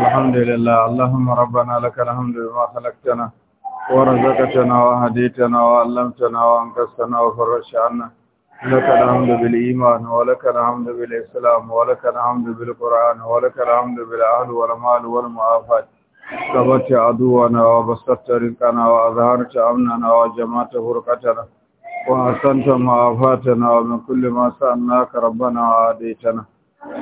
الحمد لله اللهم ربنا لك الحمد بما خلقتنا ورزقتنا وهديتنا وعلمتنا وانقذتنا وفرجت عنا لك الحمد بالإيمان ولك الحمد بالإسلام ولك الحمد بالقرآن ولك الحمد بالأهل والمال والمعافات ثبت عدونا وبسطت رزقنا وأظهرت أمننا وجمعت فرقتنا وأحسنت معافاتنا ومن كل ما سألناك ربنا وعاديتنا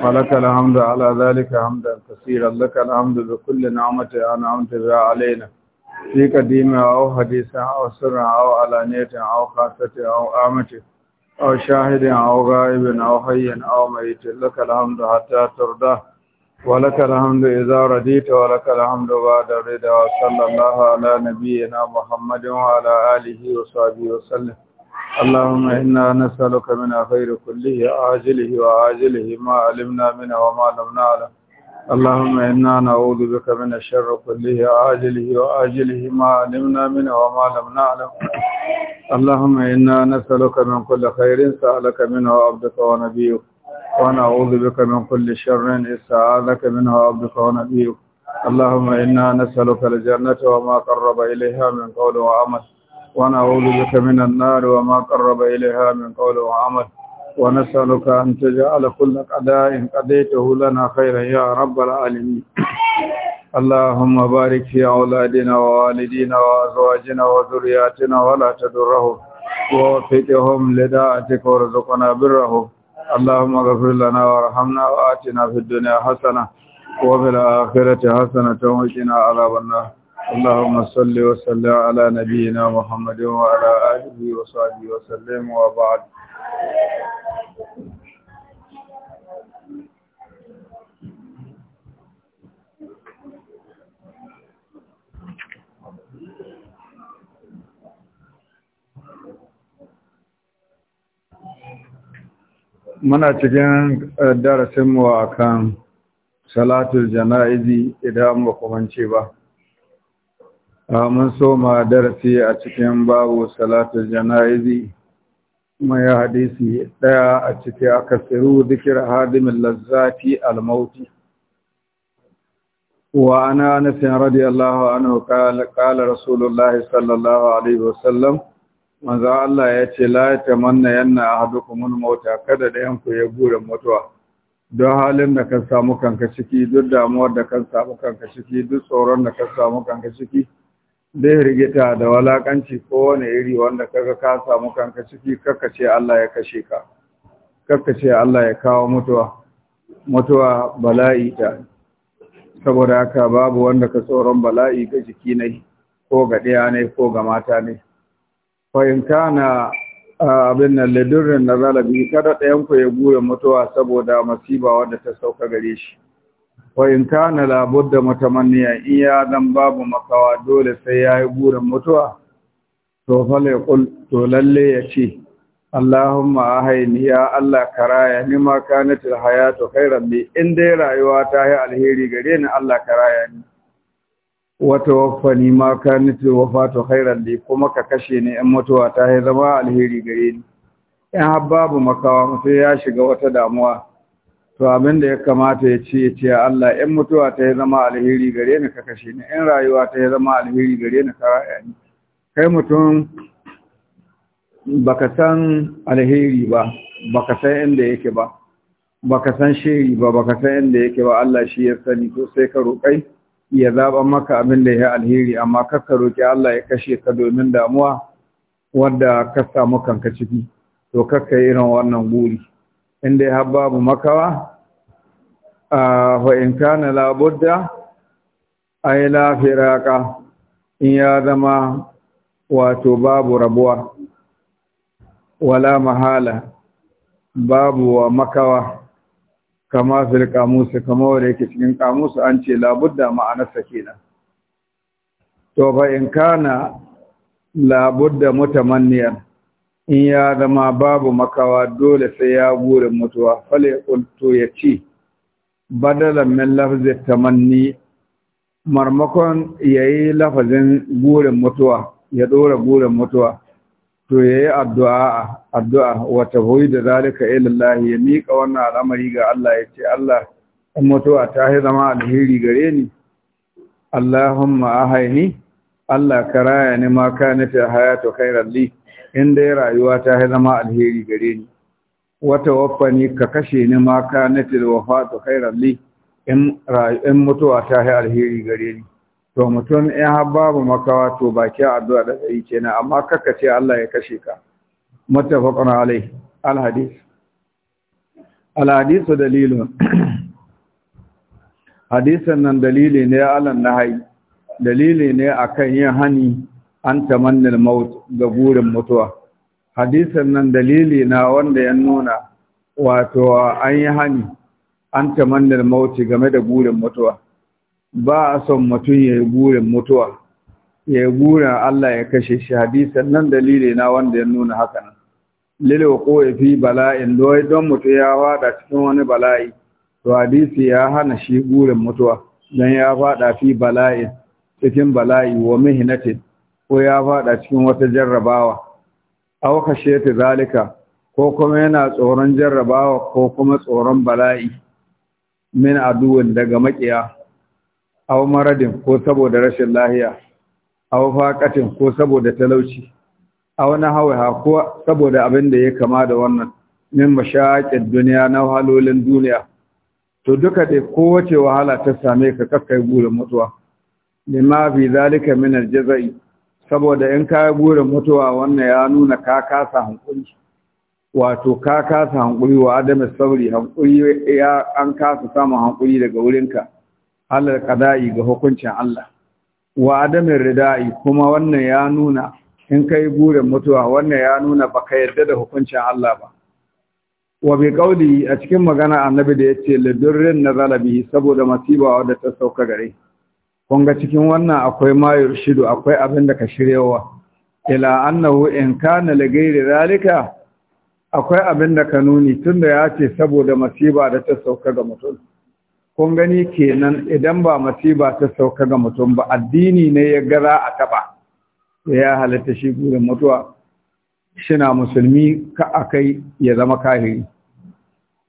فلك الحمد على ذلك حمدا كثيرا لك الحمد بكل نعمة أنعمت بها علينا في قديم أو حديث أو سر أو علانية أو خاصة أو آمة أو شاهد أو غائب أو حي أو ميت لك الحمد حتى ترضى ولك الحمد إذا رديت ولك الحمد بعد الرضا وصلى الله على نبينا محمد وعلى آله وصحبه وسلم اللهم إنا نسألك من خير كله عاجله وعاجله ما علمنا منه وما لم نعلم اللهم إنا نعوذ بك من الشر كله عاجله وعاجله ما علمنا منه وما لم نعلم اللهم إنا نسألك من كل خير سألك منه عبدك ونبيك ونعوذ بك من كل شر استعاذك منه عبدك ونبيك اللهم إنا نسألك الجنة وما قرب إليها من قول وعمل ونعوذ بك من النار وما قرب إليها من قول وعمل ونسألك أن تجعل كل قضاء قضيته لنا خيرا يا رب العالمين اللهم بارك في أولادنا ووالدينا وأزواجنا وذرياتنا ولا تدرهم ووفقهم لداعتك وارزقنا برهم اللهم اغفر لنا وارحمنا وآتنا في الدنيا حسنة وفي الآخرة حسنة وقنا عذاب النار اللهم صل وسلم على نبينا محمد وعلى اله وصحبه وسلم وبعد muna cikin eh, darasinmu a kan salatul jana'izi idan ba kumance ba mun so ma darasi a cikin babu salatu janayizi kuma ya hadisi ɗaya a ciki aka siru zikir hadimin lazzafi almauti wa ana nufin radiyallahu anhu kala rasulullahi sallallahu alaihi wasallam manzo Allah ya ce la tamanna yanna ahadukumul mauta kada da yanku ya gure mutuwa don halin da ka samu kanka ciki duk damuwar da ka samu kanka ciki duk tsoron da ka samu kanka ciki bai rigita da walakanci kowane iri wanda kaga ka samu kanka ciki kakka ce Allah ya kashe ka kakka ce Allah ya kawo mutuwa mutuwa bala'i ta saboda haka babu wanda ka tsoron bala'i ga jiki ne ko ga daya ne ko ga mata ne in kana abin nan ladurrin na zalabi kada ɗayan ku ya gure mutuwa saboda masiba wanda ta sauka gare shi wa in kana da matamanniya in ya zan babu makawa dole sai ya yi burin mutuwa to ya kul to lalle ya ce Allahumma ahaini ya Allah karaya ni ma kanatil hayatu khairan bi in dai rayuwa ta yi alheri gare ni Allah karaya ni wa tawaffani ma kanatil to khairan bi kuma ka kashe ni in mutuwa ta yi zama alheri gare ni in har babu makawa sai ya shiga wata damuwa to abin da ya kamata ya ce ya ce Allah in mutuwa ta yi zama alheri gare ni ka kashe ni in rayuwa ta yi zama alheri gare ni ka raya ni kai mutum baka san alheri ba baka san inda yake ba baka san shiri ba baka san inda yake ba Allah shi ya sani to sai ka roƙai ya zaba maka abin da ya alheri amma ka roƙi Allah ya kashe ka domin damuwa wanda ka samu kanka ciki to kakka irin wannan guri in dai har babu makawa a in kana labudda yi lafira ka, in ya zama wato babu rabuwa wala mahala babu wa makawa kama fil kamusa kama wadda yake cikin kamusa an ce labudda ma'anarsa kenan to fa'inka in kana labudda mutamanniyar in ya zama babu makawa dole sai ya gure mutuwa fale kulto ya ce badalan min lafzi tamanni marmakon ya yi lafazin gure mutuwa ya dora gure mutuwa to ya yi addu'a wata hoyi da zalika ila ya miƙa wannan al'amari ga Allah ya ce Allah in mutuwa ta yi zama alheri gare ni Allahumma haini Allah karaya ni ma a hayatu kai li in dai rayuwa ta ya zama alheri gare ni wata waffani ka kashe ni ma ka wafa wafatu khairan li in in mutuwa ta ya alheri gare ni to mutum in har babu makawa to baki addu'a da kai kenan amma kaka ce Allah ya kashe ka mutafaqan alai alhadis alhadis dalilun hadisan nan dalili ne alan nahai dalili ne akan yin hani an tamannin maut ga burin mutuwa Hadisan nan dalili na wanda ya nuna wato an yi hani an tamannin maut game da burin mutuwa ba a son mutum ya yi burin mutuwa ya yi burin Allah ya kashe shi hadisan nan dalili na wanda ya nuna haka nan lilo ko ya fi bala'in doyi don mutu ya faɗa cikin wani bala'i to hadisi ya hana shi burin mutuwa don ya faɗa fi bala'in cikin bala'i wa mihinatin ko ya faɗa cikin wata jarrabawa aw khashiyati zalika ko kuma yana tsoron jarrabawa ko kuma tsoron bala'i min aduwin daga makiya aw maradin ko saboda rashin lahiya aw faqatin ko saboda talauci aw nahawa ko saboda abin da ya kama da wannan min mashaqid duniya na halolin duniya to duka dai kowace wahala ta same ka kakkai gurin mutuwa lima bi zalika min aljazai saboda in ka gure mutuwa wannan ya nuna ka kasa hankuri wato ka kasa hankuri wa adamu sauri hankuri ya an kasa samun hankuri daga wurinka Allah kada'i ga hukuncin Allah wa adamin rida'i kuma wannan ya nuna in kai gurin mutuwa wannan ya nuna baka yarda da hukuncin Allah ba wa bi qauli a cikin magana annabi da yace ladurrin na bihi saboda masiba wadda ta sauka gare Kunga cikin wannan akwai mayur shidu akwai abin da ka shiryawa ila annahu in kana li ghairi zalika akwai abin da ka nuni tunda ya ce saboda masiba da ta sauka ga mutum kun gani kenan idan ba masiba ta sauka ga mutum ba addini ne ya gara a taba ya halatta shi gurin mutuwa shina musulmi ka akai ya zama kafiri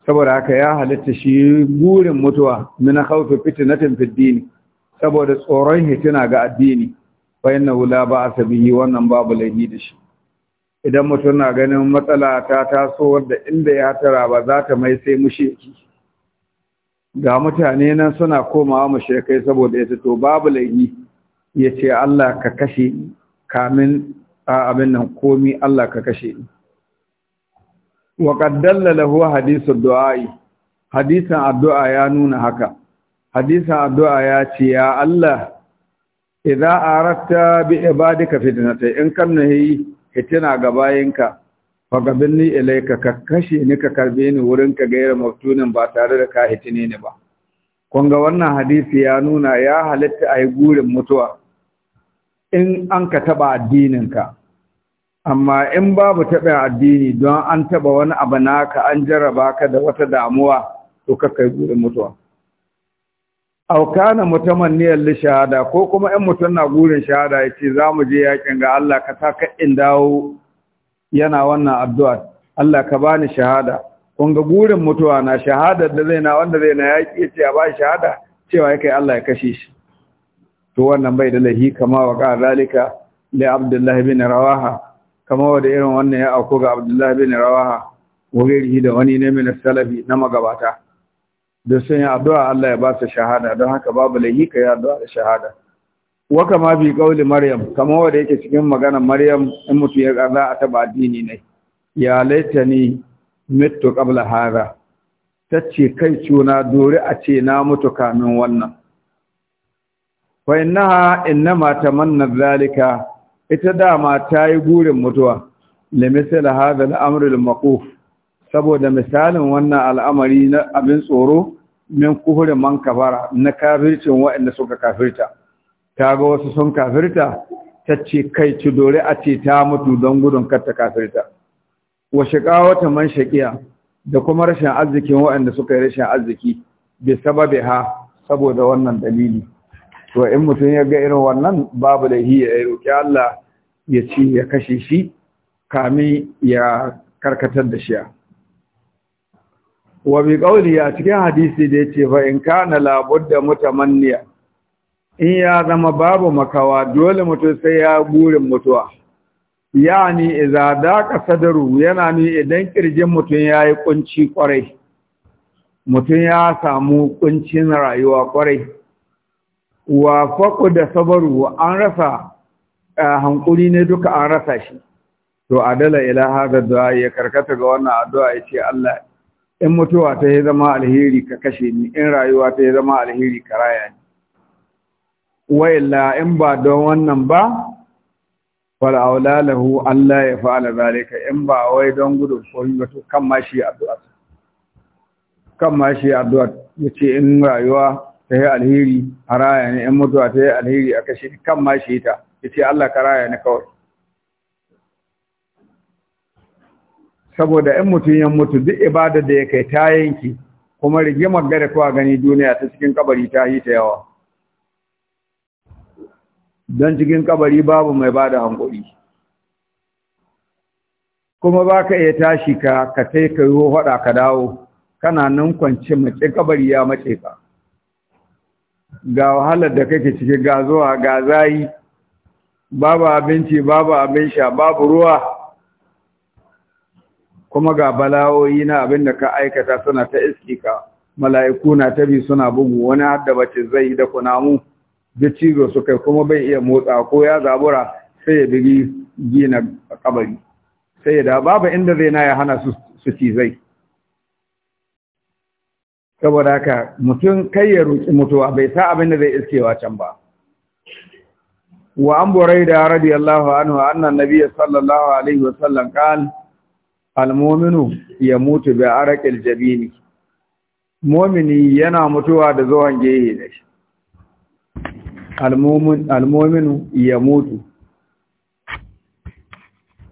saboda haka ya halatta shi gurin mutuwa min khawfi fitnatin fid dini saboda tsoron hituna ga addini fa inna la ba'sa bihi wannan babu laifi da shi idan mutum na ganin matsala ta taso wadda inda ya tara ba za ta mai sai musheki ga mutane nan suna komawa shekai saboda ya to babu laifi ya ce Allah ka kashe kamin abin nan komi Allah ka kashe ni wa qaddalla lahu hadithu du'a hadisan addu'a ya nuna haka hadisin addu'a ya ce ya Allah idza aratta bi ibadika fitnata in kan nahi hitina ga bayinka fa gabilni ilaika, ka kashe ni ka karbe ni wurin ka gaira maftunin ba tare da ka hitine ni ba kun ga wannan hadisi ya nuna ya a ayi gurin mutuwa in an ka taɓa addininka amma in babu taɓa addini don an taɓa wani abu naka an jarraba ka da wata damuwa to kakai gurin mutuwa Aukana kana mutamanniyal li shahada ko kuma ɗan mutum na gurin shahada yace za mu je yakin ga Allah ka ta ka dawo yana wannan addu'a Allah ka bani shahada kun gurin mutuwa na shahada da zai na wanda zai na yaki yace a shahada cewa yake Allah ya kashe shi to wannan bai da lahi kama wa ka zalika li Abdullahi bin Rawaha kama wa da irin wannan ya auku ga Abdullahi bin Rawaha wa gairihi da wani ne min salafi na magabata da sun yi addu'a Allah ya ba su shahada don haka babu laihi ka yi addu'a da shahada Waka ma fi kauli maryam kama wadda yake cikin maganan maryam in mutu ya za a taba addini ne ya laita ni mitu hara, Ta ce kai cuna dori a ce na mutu kamin wannan fa innaha ta mannan zalika ita dama ta yi gurin mutuwa limisal hada al-amr saboda misalin wannan al'amari na abin tsoro min kuhurin man kabara na kafircin waɗanda suka kafirta ta ga wasu sun kafirta ta ce kai ci dore a ce ta mutu don gudun karta kafirta wa wata man shaƙiya da kuma rashin arzikin waɗanda suka yi rashin arziki bai sababe ha saboda wannan dalili to in mutum ya ga irin wannan babu da hiya ya roƙi Allah ya ci ya kashe shi kami ya karkatar da shi wa bi a cikin hadisi da yace fa in kana da mutamanniya in ya zama babu makawa dole mutum sai ya burin mutuwa yani idza daqa sadaru yana ni idan kirjin mutum yayi kunci kwarai mutum ya samu kuncin rayuwa kwarai wa faqu da sabaru an rasa hankuri ne duka an rasa shi to adala ila hada du'a ya karkata ga wannan addu'a yace Allah in mutuwa ta yi zama alheri ka kashe ni in rayuwa ta yi zama alheri ka raya ni la in ba don wannan ba fal'aula lahu Allah ya fa'ala zalika in ba wai don gudun koyi ba to kan ma shi addu'a kan ma shi addu'a ce in rayuwa ta yi alheri a raya ni in mutuwa ta yi alheri a kashe ni kan ma shi ta ce Allah ka raya ni kawai saboda in mutum ya mutu duk ibada da ya kai ta yanki kuma rigimar gare kowa gani duniya ta cikin kabari ta yi ta yawa don cikin kabari babu mai bada da hankuri kuma ba ka iya tashi ka ka tai ka yi hoda ka dawo kana nan kwance mace kabari ya mace ka ga wahalar da kake ciki ga zuwa ga zayi babu abinci babu abin sha babu ruwa kuma ga bala'o'i na abin da ka aikata suna ta iski ka mala'iku na ta bi suna bugu wani hadda bace zai da kunamu da cizo su kai kuma bai iya motsa ko ya zabura sai ya bigi gina kabari sai da babu inda zai na ya hana su su cizai saboda haka mutum kai ya roki mutuwa bai sa abin da zai iskewa can ba wa an da radiyallahu anhu anna nabiyyi sallallahu alaihi wasallam kan almominu ya mutu bi arakil jabini momini yana mutuwa da zuwan gehe ne almominu ya mutu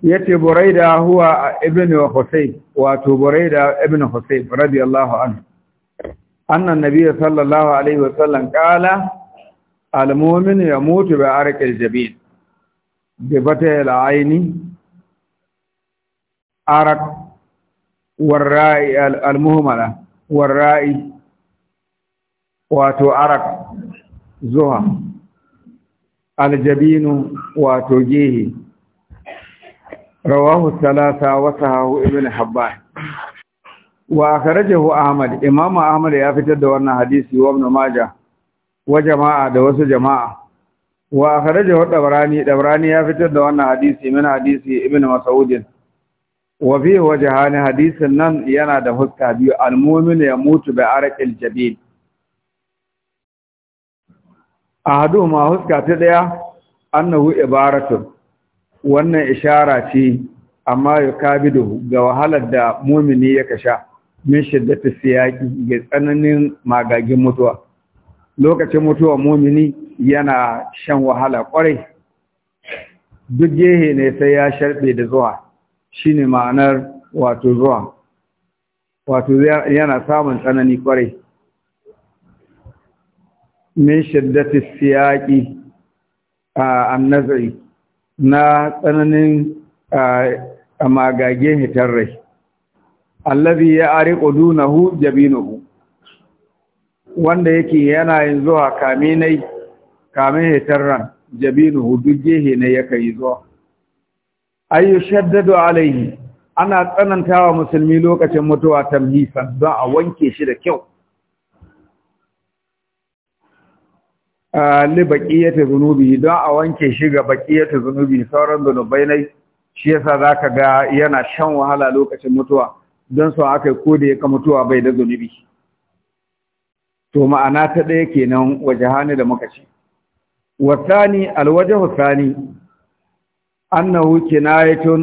yace buraida huwa ibn husayn wato buraida ibn husayn radiyallahu anhu anna an-nabiy sallallahu alaihi wasallam qala almominu ya mutu bi arakil jabini bi fatih aini arak warra'i al-muhmala warra'i wato arak zuha al-jabinu wato jehi rawahu talata wa sahahu ibn habbah wa akhrajahu ahmad imam ahmad ya fitar da wannan hadisi wa ibn majah wa jama'a da wasu jama'a wa akhrajahu dabrani dabrani ya fitar da wannan hadisi min hadisi ibn mas'ud wa bi wajhani hadisin nan yana da huska biyu almomin ya mutu bi arqil jabin ahadu ma huska ta daya annahu ibaratun wannan ishara ce amma ya kabidu ga wahalar da mu'mini ya kasha min shiddati siyaki ga tsananin magagin mutuwa lokacin mutuwa mu'mini yana shan wahala kwarai duk gehe ne sai ya sharbe da zuwa Shi ne ma'anar wato zuwa wato yana samun tsanani kwarai min shiddati a annazari na tsananin magage hitar rai allazi ya ari dunahu jabinuhu wanda yake yana yin zuwa kame nai hitar ran jabinuhu duk gehe na yaka yi zuwa ay yashaddadu alaihi ana tsanantawa musulmi lokacin mutuwa tamhisan don a wanke shi da kyau li baqiyati zunubi don a wanke shi ga baqiyati zunubi sauran zunubai ne shi yasa zaka ga yana shan wahala lokacin mutuwa don so aka ko da ya ka mutuwa bai da zunubi to ma'ana ta daya kenan wajahani da muka ce wasani alwajahu sani annahu kinayatun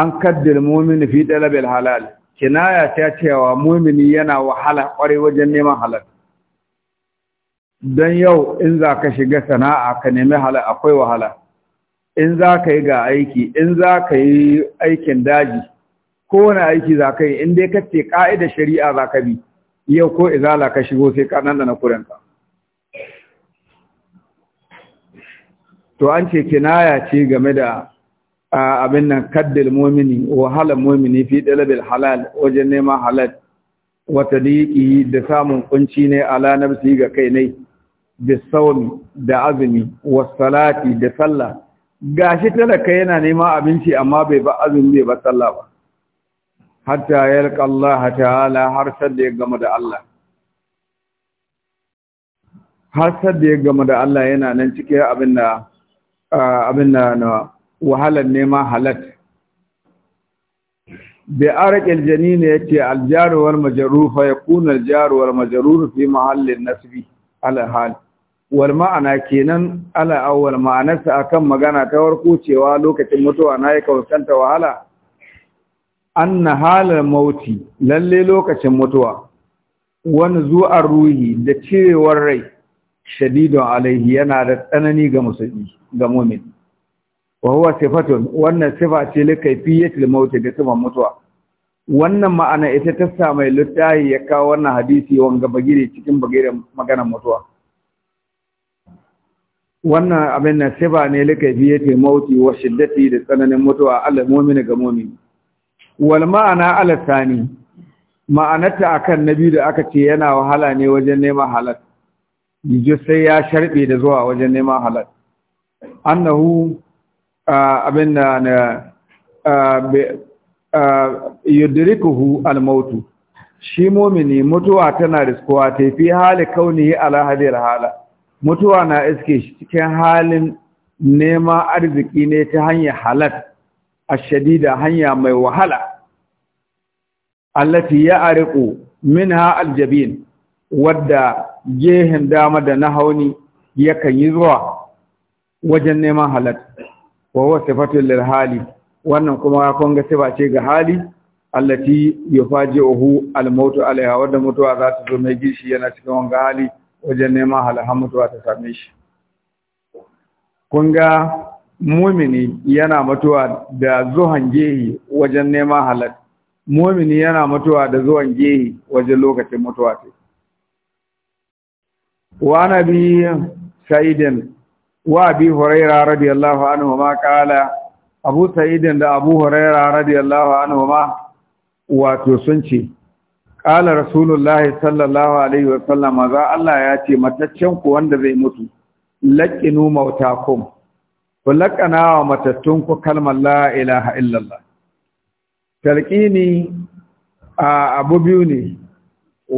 an kaddar mu'mini fi talabil halal kinaya ta cewa mu'mini yana wahala kware wajen neman halal don yau in za ka shiga sana'a ka nemi halal akwai wahala in za ka yi ga aiki in za ka yi aikin daji wani aiki za yi in dai ka ce shari'a za ka bi yau ko izala ka shigo sai ka nan da na kurenka to an ce kinaya ce game da abin nan kaddil mumini wahalar mumini fi dalabil halal wajen neman halal wata diki da samun kunci ne ala nafsi ga kai ne da saumi da azumi salati da sallah gashi talaka yana nema abinci amma bai ba azumi bai ba sallah ba hatta yalqa Allah ta'ala har sadda ya gama da Allah har sadda ya gama da Allah yana nan cikin abin da Ah, abin na wahalar neman halat bi arqil janin ne aljaru wal majrur fa yakun aljaru wal majrur fi mahallin nasbi ala hal wal ma'ana kenan ala awwal ma'anarsa akan magana ta warko cewa lokacin mutuwa na ya kawsanta wahala anna halar mauti lalle lokacin mutuwa wani zu'ar ruhi da cirewar rai shadidun alaihi yana da tsanani ga musulmi ga mumin wa huwa sifatun wannan sifa ce likaifiyatul fiye da siman mutuwa wannan ma'ana ita ta sa mai littahi ya kawo wannan hadisi wanga bagire cikin bagire maganar mutuwa wannan abin nan sifa ne fiye da maut wa shiddati da tsananin mutuwa al mu'min ga mumin wal ma'ana al thani ma'anarta akan nabi da aka ce yana wahala ne wajen neman halal yijo sai ya sharɓe da zuwa wajen neman halal annahu abin da na yudrikuhu al-mautu shi momini mutuwa tana riskuwa ta fi hali kauni ala hala mutuwa na iske cikin halin nema arziki ne ta hanyar a shadida hanya mai wahala ya allati min ha aljabin wadda gehen dama da na hauni yakan yi zuwa wajen neman halal wa huwa sifatul lil hali wannan kuma kun ga sifa ce ga hali allati yufaji'uhu al-maut alaiha wanda mutuwa za ta zo mai gishi yana cikin wanga hali wajen neman halahan mutuwa ta same shi kun ga mumini yana mutuwa da zuhan gehi wajen neman halal mumini yana mutuwa da zuwan gehi wajen lokacin mutuwa ta wa nabi sa'idin wa abi huraira radiyallahu anhu ma kala abu sa'idin da abu huraira radiyallahu anhu ma wato sun ce kala rasulullahi sallallahu alaihi wasallam za Allah ya ce mataccen ku wanda zai mutu laqinu mautakum ku laqana wa matattun ku kalmar la ilaha illallah talqini a abu biyu ne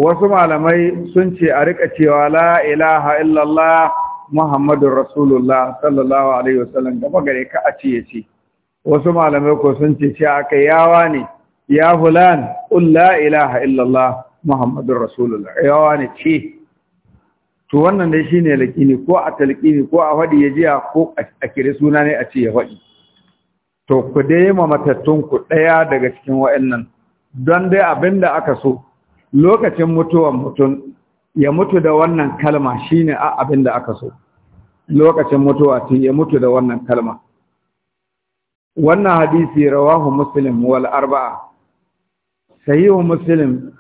wasu malamai sun ce a rika cewa la ilaha illallah Muhammadu Rasulullah sallallahu Alaihi wasallam gaba gare ka a ciye ce, wasu malamai ko sun ce ce aka yawa ne, ya hulan, la ilaha illallah Muhammadun Rasulullah, yawa ne ce, to wannan dai shi ne laƙini ko a talƙini ko a faɗi ya jiya ko a kiri suna ne a ce ya faɗi. To ku dai ma ku ɗaya daga cikin nan, don dai abin da aka so, lokacin mutuwan mutum ya mutu da wannan kalma shine abin da aka so lokacin mutuwa ce ya mutu da wannan kalma wannan hadisi rawahu muslim wal arba'a sahihu muslim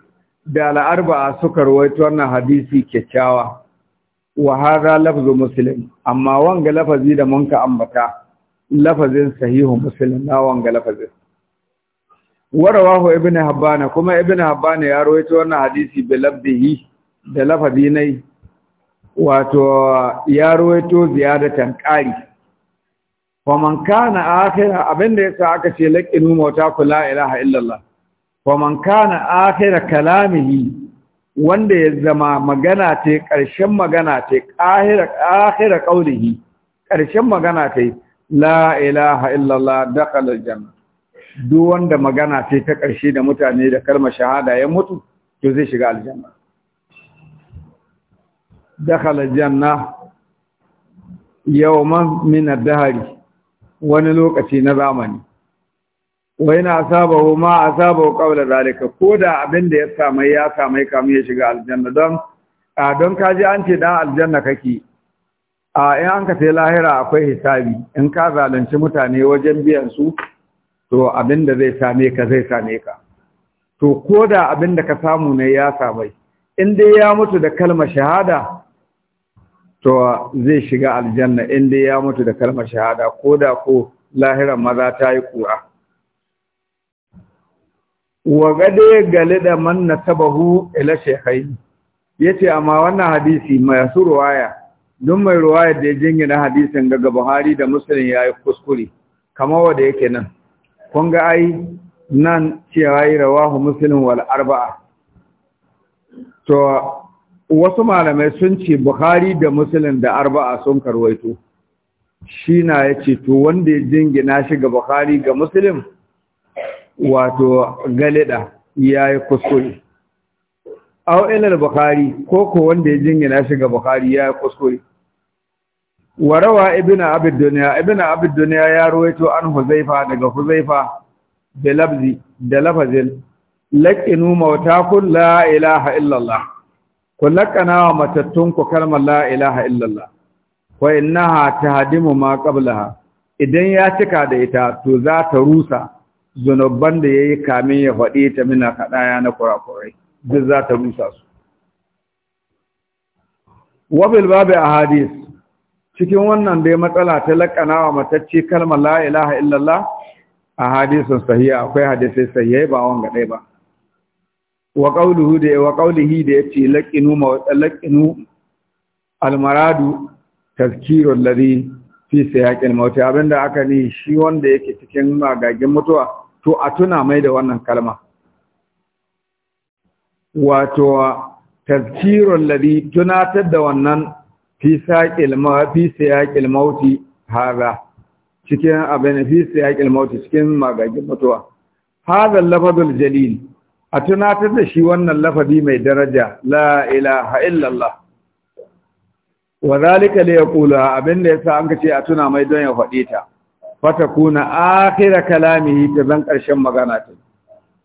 da al arba'a suka rawaito wannan hadisi kyakkyawa wa hadha lafzu muslim amma wanga lafazi da munka ambata lafazin sahihu muslim na wanga Wa rawahu ibn habbana kuma ibn habbana ya rawaito wannan hadisi bi labdihi da lafazi nai wato ya ruwaito ziyadatan ƙari faman kana akhira abinda yasa aka ce laqinu mauta ku la ilaha illallah faman kana akhira kalamihi wanda ya zama magana ta ƙarshen magana ta akhira akhira qaulihi ƙarshen magana ta la ilaha illallah dakhala aljanna duk wanda magana ta ta ƙarshe da mutane da kalmar shahada ya mutu to zai shiga aljanna دخل الجنة يوما min الدهر ونلوك wani lokaci na zamani ما أصابه قبل ma asabahu qawla zalika koda abin da ya samu ya دون kamar ya shiga aljanna don a don an aljanna kake a ka sai lahira akwai hisabi in ka zalunci mutane wajen biyan su to abin da zai same ka zai same ka to koda abin da ka samu ne ya samai in dai ya mutu da kalmar shahada to zai shiga aljanna in dai ya mutu da kalmar shahada ko da ko lahira maza ta yi kura wa gade gale da man nasabahu ila shekhai yace amma wannan hadisi mai su ruwaya don mai ruwaya da ya jingina hadisin daga Buhari da Muslim yayi kuskure kamar wada yake nan kun ga ai nan cewa yi rawahu Muslim wal arba'a to wasu malamai sun ce bukhari da Muslim da arba'a sun karwaito shi na ya ce to wanda ya jingina shi ga bukhari ga Muslim wato galida ya yi kuskure au'ilar bukhari ko ko wanda ya jingina shi ga bukhari ya yi kuskure warawa Ibina abid duniya Ibina abid duniya ya ruwaito an huzaifa daga huzaifa da labzi da lafazin laqinu mawtakum la ilaha illallah ku laƙana wa matattunku kalmar la ilaha illallah wa innaha tahdimu ma qablaha idan ya cika da ita to za ta rusa zunuban da yayi kamin ya faɗi ta mina kadaya na kurakurai duk za ta rusa su wa bil a ahadith cikin wannan dai matsala ta laƙana wa matacce kalmar la illallah a hadisin sahiha akwai hadisai sahiyai ba wanga dai ba wa qawluhu da wa qawlihi da yace laqinu ma laqinu al maradu tazkiru alladhi fi siyaqil maut abinda aka ni shi wanda yake cikin magagin mutuwa to a tuna mai da wannan kalma wato tazkiru alladhi tunatar da wannan fi saqil ma fi siyaqil maut hada cikin abin fi siyaqil maut cikin magagin mutuwa hada lafazul jalil a tunatar da shi wannan lafazi mai daraja la ilaha illallah wa zalika li yaqula abinda yasa an kace a tuna mai don ya faɗe ta fatakuna akhir kalamihi ta zan karshen magana ta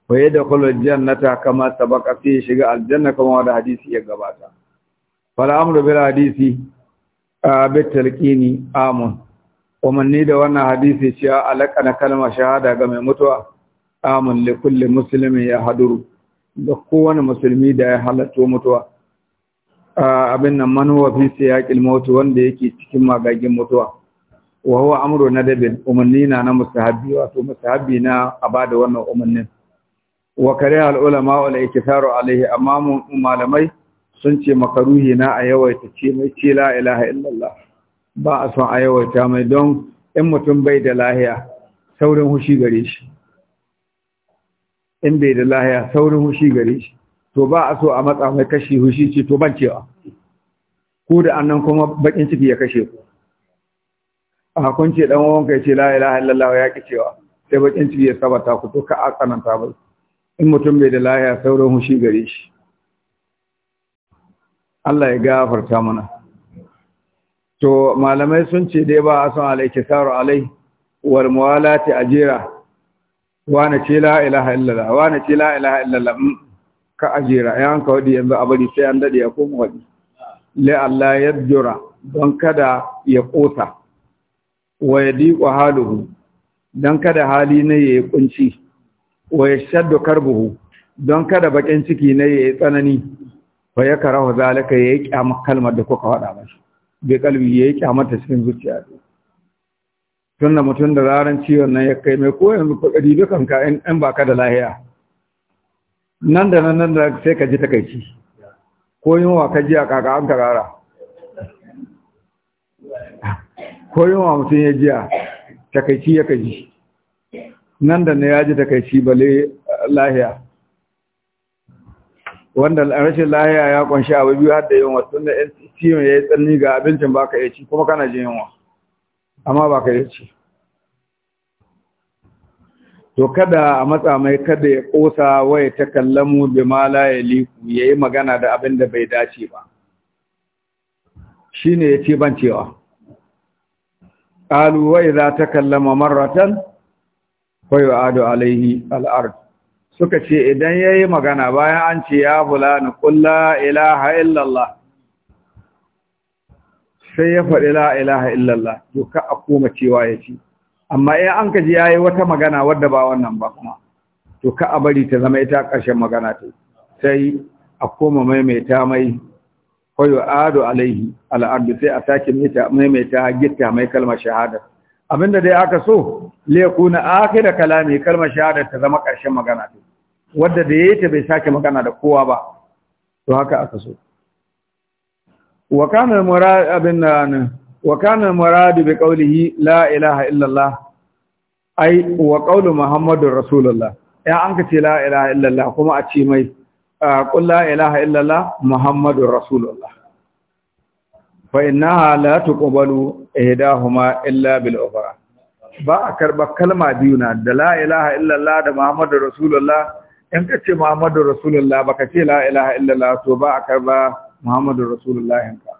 wa yadkhulu jannata kama sabaqa fi shiga aljanna kama da hadisi ya gabata fal amru bil hadisi bi talqini amun ni da wannan hadisi ce alaka na kalma shahada ga mai mutuwa amun li kulli muslimin ya haduru da kowane musulmi da ya halatto mutuwa abin nan man huwa fi siyaqil maut wanda yake cikin magagin mutuwa wa huwa amru nadabin umarni na na mustahabbi wato mustahabbi na abada wannan umarnin. wa kare al ulama wal iktaru alaihi amma malamai sun ce makaruhi na a yawaita ce mai ce la ilaha illallah ba a son a yawaita mai don in mutum bai da lahiya saurin hushi gare shi in bai da lahiya saurin hushi gare shi to ba a so a matsa mai kashi hushi ce to ban cewa ku da annan kuma bakin ciki ya kashe ku a kun ce dan uwan ya ce la ilaha illallah ya ki cewa sai bakin ciki ya sabata ku to ka a ta ba in mutum bai da lahiya saurin hushi gare shi Allah ya gafarta mana to malamai sun ce dai ba a son alaikisaru alai wal muwalati ajira wane ce la ilaha illallah wane ce la ilaha illallah mm, ka ajira yan ka wadi yanzu a bari sai an dade ya koma wadi la Allah ya jura don kada ya kosa wa wa haluhu don kada hali na ya kunci wa yashaddu karbuhu don kada bakin ciki na ya tsanani wa ya karahu zalika ya kyamar kalmar da kuka faɗa masa bi kalbi ya kyamar mata cikin zuciya tun da mutum da zaran ciwon nan ya kai mai ko yanzu kuɗi dukan ka in baka da lahiya nan da nan da sai ka ji takaici ko yunwa ka ji a kaka an karara ko yunwa mutum ya a takaici ya kaji nan da na ya ji takaici bale eh, lahiya wanda rashin lahiya ya kunshi abu biyu har da yunwa tun da ciwon ya yi tsanni ga abincin baka ya ci kuma kana jin yunwa amma ba ka yace to kada a matsa mai kada ya kosa waya ta kallamu bi ya liku ya yayi magana da abin da bai dace ba shine yace ban cewa qalu wa ta takallama marratan fa yu'adu alaihi al-ard suka ce idan yayi magana bayan an ce ya bula qul la ilaha illallah sai ya faɗi la ilaha illallah to ka a koma cewa ya ce amma in an ka ji ya yi wata magana wadda ba wannan ba kuma to ka a bari ta zama ita ƙarshen magana ta sai a koma maimaita mai koyo ado alaihi al'adu sai a sake maimaita gita mai kalmar shahada abinda dai aka so aka da kalami kalmar shahada ta zama ƙarshen magana ta wadda da ya yi ta bai sake magana da kowa ba to haka aka so wa kana murad abin bi qawlihi la ilaha illa ai wa qawlu muhammadur rasulullah ya an ka ce la ilaha illa kuma a ce mai qul la ilaha illa allah muhammadur rasulullah fa innaha la illa ba a karba kalma biyu na da la ilaha illallah da muhammadu rasulullah in ka ce muhammadu rasulullah baka ce la ilaha illallah to ba a karba Muhammadu Rasulullahi ka.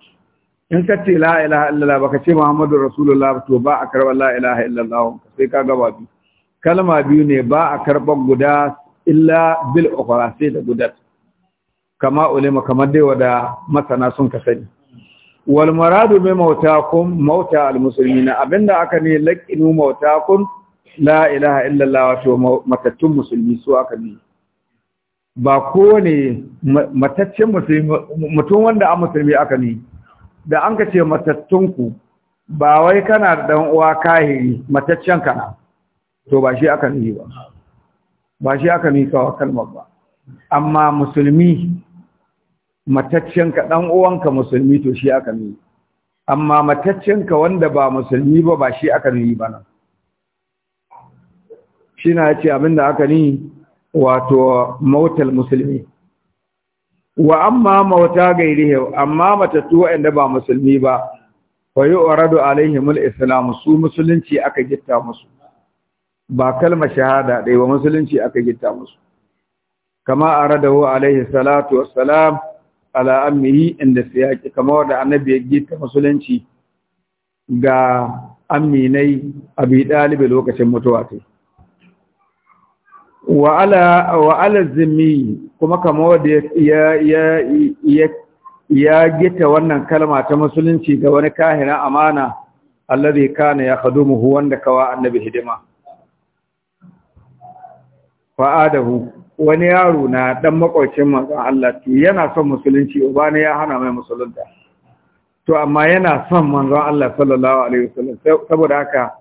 In ka ce la ilaha illallah baka ce Muhammadu Rasulullah to ba a karɓar la ilaha illallah sai ka gaba biyu. Kalma biyu ne ba a karɓar guda illa bil ukhra sai da gudat. Kama ulama kamar dai wada masana sun ka sani. Wal maradu bi mautakum mauta al muslimina abinda aka ne laqinu mautakum la ilaha illallah wato matattun musulmi su aka ne. ba kowane mataccen mutum wanda an musulmi aka ne da an ka ce matattunku ba wai kana da ɗan uwa kahiri mataccen kana to ba shi aka ne ba ba shi aka ne kawo kalmar ba amma musulmi mataccen ka uwanka musulmi to shi aka ne amma mataccen ka wanda ba musulmi ba ba shi aka ne ba nan shi na ce abinda aka ne wato mautal musulmi wa amma mauta gairihi amma matattu waɗanda ba musulmi ba fa yu'radu alaihim alislam su musulunci aka gitta musu ba kalmar shahada dai ba musulunci aka gitta musu kama aradahu alaihi salatu wassalam ala ammihi inda siyaki kama wanda annabi ya gitta musulunci ga amminai abi dalibi lokacin mutuwa sai. wa ala zimmi kuma kama wadda ya ya ya ya gita wannan kalma ta musulunci ga wani kahina amana allazi kana ya khadumuhu wanda kawa annabi hidima fa'adahu wani yaro na dan makwacin manzo Allah yana son musulunci ne ya hana mai musulunta to amma yana son manzo Allah sallallahu alaihi wasallam saboda haka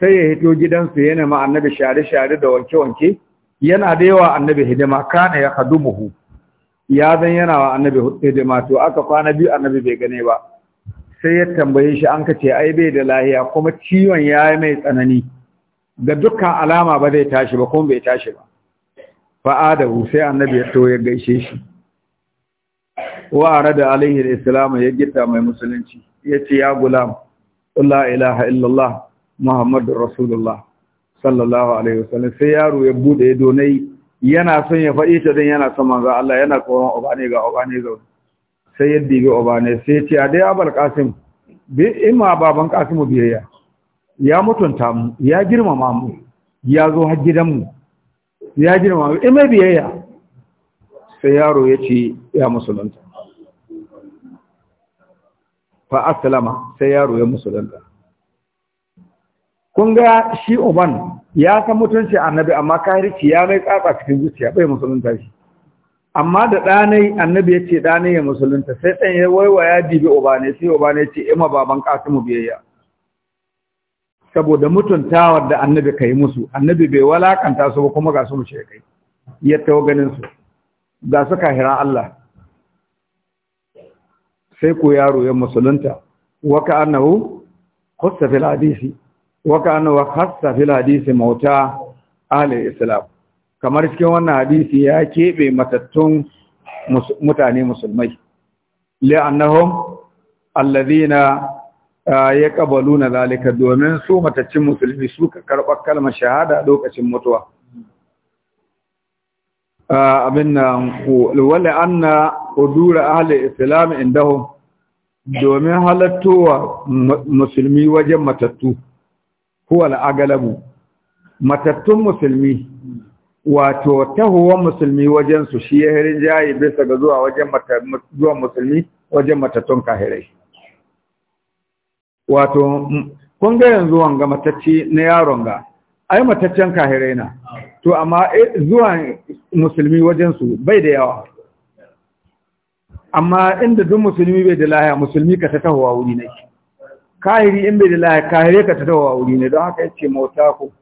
sai ya hito gidansu yana ma annabi share share da wanke wanke yana da yawa annabi hidima kana ya muhu. ya zan yana wa annabi hidima to aka kwana biyu annabi bai gane ba sai ya tambaye shi an kace ai bai da lahiya kuma ciwon ya yi mai tsanani ga dukkan alama ba zai tashi ba kuma bai tashi ba fa adahu sai annabi ya to ya gaishe shi wa arada alaihi alislam ya gita mai musulunci yace ya gulam la ilaha illallah muhammadur rasulullah sallallahu alaihi wasallam sai yaro ya bude ido nai yana son ya faɗi ta dan yana son manzo Allah yana koran uba ga uba zo zaune sai ya dige uba sai ya ce a dai abul qasim bi imma baban qasimu biyayya ya mutunta mu ya girmama mu ya zo har gidan mu ya girmama mu imma biyayya sai yaro ya ce ya musulunta fa aslama sai yaro ya musulunta kun ga shi uban ya san mutunci annabi amma kahirci ya mai tsatsa cikin zuciya bai musulunta shi amma da ɗanai annabi ya ce ɗanai ya musulunta sai ɗan ya waiwaya dibi uba ne sai uba ne ce ima baban kasimu biyayya saboda mutuntawa da annabi ka yi musu annabi bai walakanta su ba kuma ga su mu kai ya wa ganin su ga su kahiran Allah sai ku yaro ya musulunta wa ka annahu khussa fil hadisi waka an wa khassa hadisi mauta ahli islam kamar cikin wannan hadisi ya kebe matattun mutane musulmai li'annahum alladhina yaqbaluna zalika domin su matattun musulmi suka karba kalmar shahada lokacin mutuwa abin nan wala anna hudura ahli islam indahum domin halattowa musulmi wajen matattu huwa agalabu matattun musulmi wato tahuwan musulmi wajen su shi ya jayi bisa ga zuwa wajen zuwa musulmi wajen matattun kahirai wato kun ga yanzu wanga matacci na yaron ga ai mataccen kahirai na to amma eh, zuwa musulmi wajen su bai da yawa amma inda duk musulmi bai da lahiya musulmi ka ta tahowa wuri nake kahiri in bai da lahiya kahire ka a wuri ne don haka yace mota ku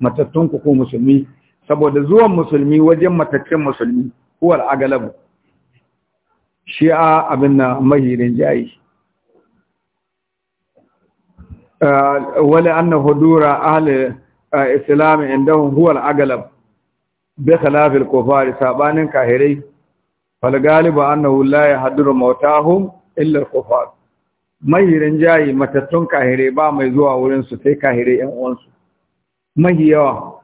matattun ku ko musulmi saboda zuwan musulmi wajen matattun musulmi huwal agalabu Shi'a abin na mahirin jayi ah, Wani an hudura ahli ah, islami inda huwal agalab bai khalafil kofari sabanin kahirai falgaliba annahu la yahduru mota illa al-kufar mahirin jayi matattun kahire ba mai zuwa wurinsu sai kahire ‘yan uwansu mahi yawa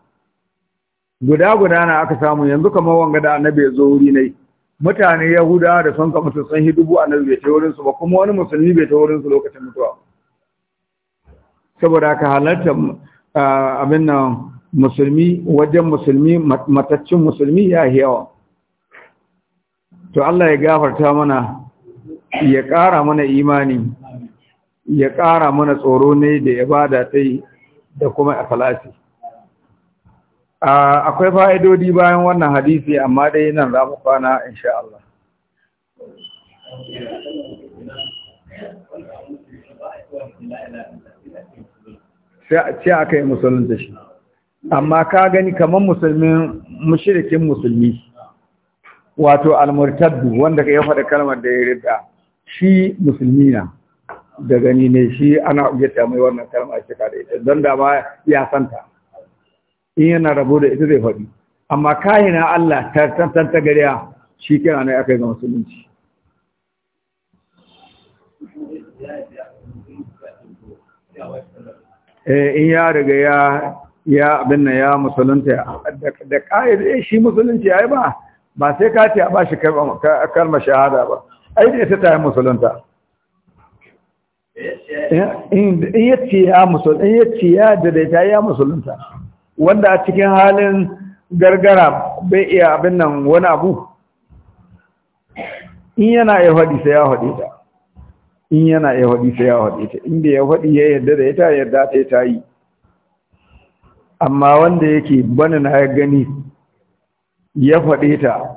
guda guda na aka samu yanzu kamar wanga da annabi ya zo wuri nai mutane yahuda da sun kama sun Hidubu a annabi bai ta wurinsu ba kuma wani musulmi bai ta wurinsu lokacin mutuwa saboda ka halarta abin nan musulmi wajen musulmi mataccin musulmi ya yawa to Allah ya gafarta mana ya ƙara mana imani ya ƙara mana tsoro ne da ya da ta yi da kuma ikhlasi akwai fa'idodi bayan wannan hadisi amma dai nan za mu kwana insha Allah sai aka yi da shi amma ka gani kamar musulmin mashirikin musulmi wato almurtaddu wanda ka yi faɗa kalmar da ya rida shi musulmi na da gani ne shi ana gita mai wannan kalma cika da ita don da ba ya santa in yana rabo da ita zai faɗi amma kahina Allah ta tantan ta gariya shi kira ne aka yi ga musulunci eh, in ya riga ya ya abin nan ya musulunta da da eh, shi musulunci ya yi ba ba sai ka ce a ba shi kalmar shahada ba ai da ita ta yi musulunta in yace ya musul in yace ya daidaita ya musulunta wanda a cikin halin gargara bai iya abin nan wani abu in yana ya faɗi sai ya faɗi ta in yana ya faɗi sai ya faɗi ta inda ya faɗi ya yarda da ita yarda ta ta yi amma wanda yake bana na ya gani ya faɗi ta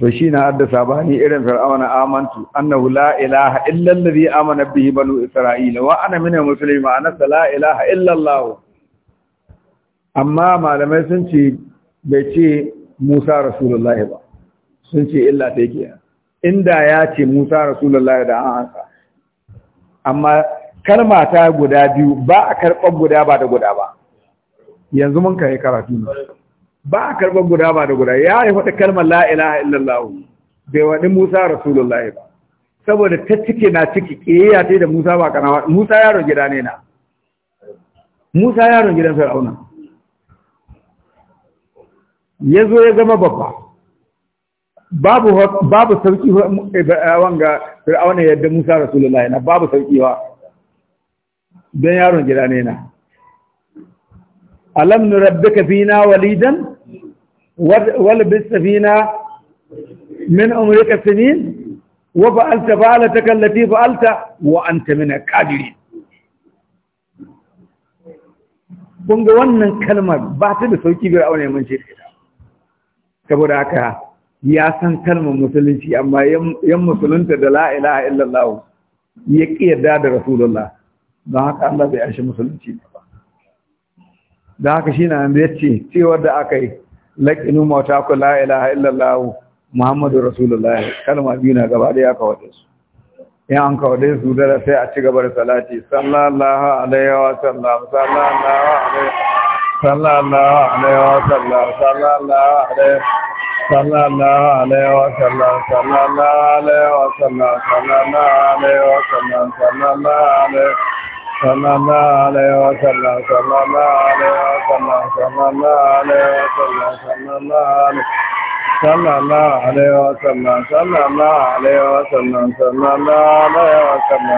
to shi na adda sabani irin fir'auna amantu annahu la ilaha illa allazi amana bihi banu isra'ila wa ana min muslima ana la ilaha illa allah amma malamai sun ce bai ce Musa rasulullahi ba sun ce illa ta yake inda ya ce Musa rasulullahi da an ansa amma kalma ta guda biyu ba a karɓar guda ba da guda ba yanzu mun kai karatu ne ba a karɓar guda ba da guda ya yi faɗi kalmar la ilaha illallah bai waɗi Musa Rasulullahi ba saboda ta cike na ciki ƙiyayya ta da Musa ba kanawa Musa yaron gida ne na Musa yaron gidan Fir'auna ya zo ya zama babba babu babu sauki eh, wanga Fir'auna yadda Musa Rasulullahi na babu sauki wa don yaron gida ne na alam nurabbika fina walidan walbis safina min umrika sinin wa fa'alta fa'alataka allati fa'alta wa anta min wannan kalmar ba ta da sauki ga aure mun ce saboda haka ya san kalmar musulunci amma yan musulunta da la ilaha illallah ya kiyarda da rasulullah don haka Allah bai ashe musulunci ba don haka shi na yanzu da aka yi laƙinu ta ku la ilaha illallah muhammadu rasulullah kalma biyu na gaba daya ka wade su in an ka su da sai a ci gaba da salati sallallahu alaihi wa sallam sallallahu alaihi sallallahu alaihi wa sallam sallallahu alaihi sallallahu alaihi wa sallam sallallahu alaihi wa sallam sallallahu alaihi wa sallam sallallahu alaihi သမမလည်းဝသလသမမလည်းဝသလသမမလည်းဝသလသမမလည်းသမမလည်းဝသမသမမလည်းဝသမသမမလည်းဝသမသမမလည်းဝသမသမမလည်းဝသမ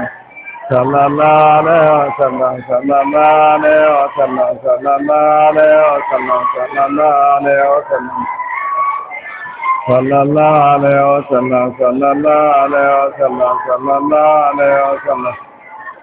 သမမလည်းဝသမသမမလည်းဝသမသလလာလည်းဝသမသလလာလည်းဝသမသမမလည်းဝသမ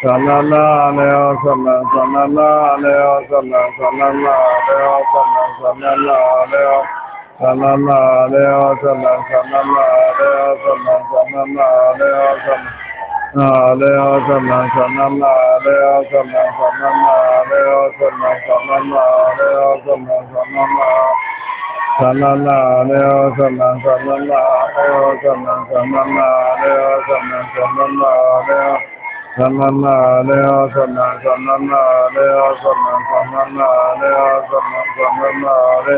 Sallallahu alaihi wa sallam, sallallahu alaihi wa sallam, sallallahu alaihi wa wa sallam, sallallahu alaihi wa wa sallam, sallallahu alaihi wa wa sallam, sallallahu alaihi wa sallam, sallallahu alaihi wa wa sallam, sallallahu alaihi wa wa သမ္မာလေယောသမ္မာသမ္မာလေယောသမ္မာသမ္မာလေယောသမ္မာသမ္မာလေ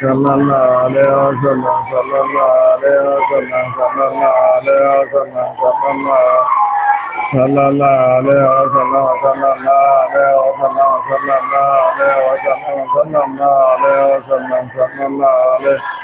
သမ္မာလေယောသမ္မာသမ္မာလေယောသမ္မာသမ္မာလေယောသမ္မာသမ္မာသမ္မာလေယောသမ္မာသမ္မာလေယောသမ္မာသမ္မာလေယောသမ္မာသမ္မာလေယောသမ္မာသမ္မာလေယော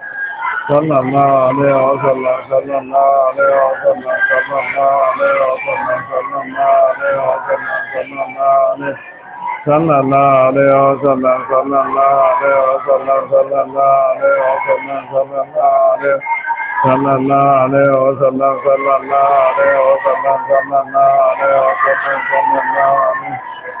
သမ္မာနာလေဩသမ္မာသမ္မာနာလေဩသမ္မာသမ္မာနာလေဩသမ္မာသမ္မာနာလေဩသမ္မာသမ္မာနာလေသမ္မာနာလေဩသမ္မာသမ္မာနာလေဩသမ္မာသမ္မာနာလေဩသမ္မာသမ္မာနာလေသမ္မာနာလေဩသမ္မာသမ္မာနာလေဩသမ္မာသမ္မာနာလေဩသမ္မာသမ္မာနာလေ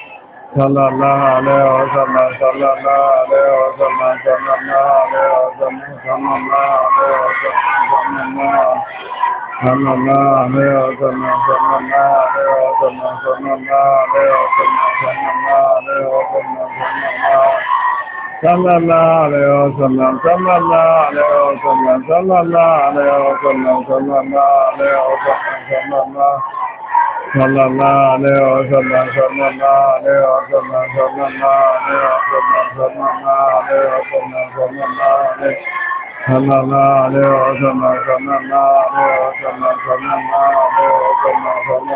sallallahu alaihi a sallam sallallahu သမ္မာနာနေယောသမ္မာသမ္မာနာနေယောသမ္မာသမ္မာနာနေယောသမ္မာသမ္မာနာနေယောသမ္မာသမ္မာနာနေသမ္မာနာနေယောသမ္မာသမ္မာနာနေယောသမ္မာသမ္မာနာနေယောသမ္မာသမ္မာနာ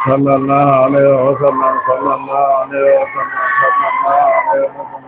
သမ္မာနာနေယောသမ္မာသမ္မာနာနေယောသမ္မာသမ္မာနာနေယောသမ္မာ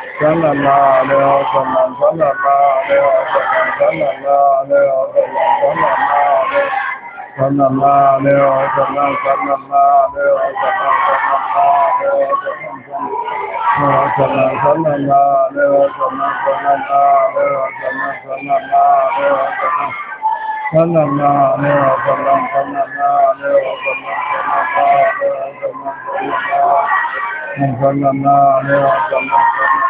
sallallahu alaihi wasallam sallallahu alaihi wasallam sallallahu alaihi wasallam sallallahu alaihi wasallam sallallahu alaihi wasallam sallallahu alaihi wasallam sallallahu alaihi wasallam sallallahu alaihi wasallam sallallahu alaihi wasallam صلى الله عليه وسلم صلى الله عليه وسلم صلى الله عليه وسلم صلى الله عليه وسلم صلى الله عليه وسلم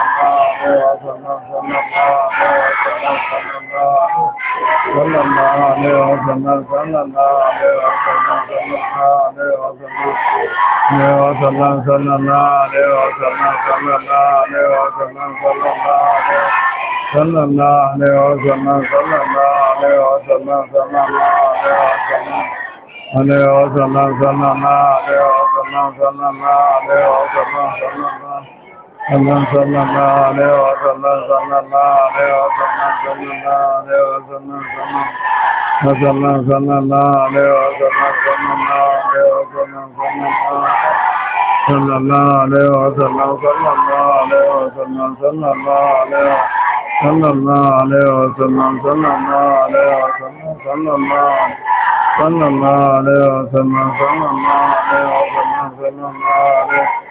Hallelujah. اللهم صل الله عليه وسلم صلى الله عليه وسلم صلى الله عليه وسلم صلى الله صلى الله عليه وسلم صلى الله عليه وسلم صلى الله عليه وسلم صلى الله عليه وسلم صلى الله عليه صلى الله عليه وسلم صلى الله عليه وسلم صلى الله صلى الله عليه وسلم صلى الله عليه وسلم صلى الله عليه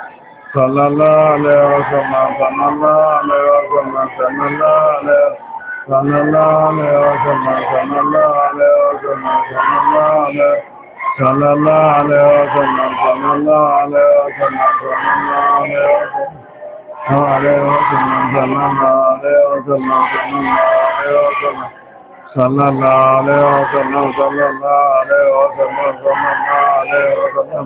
صلى الله عليه وسلم صلى الله عليه وسلم صلى الله عليه صلى الله عليه وسلم صلى الله عليه وسلم صلى الله عليه صلى الله عليه وسلم صلى الله عليه وسلم صلى الله عليه وسلم عليه وسلم صلى الله عليه وسلم صلى الله عليه وسلم صلى الله عليه وسلم صلى الله عليه وسلم صلى الله عليه وسلم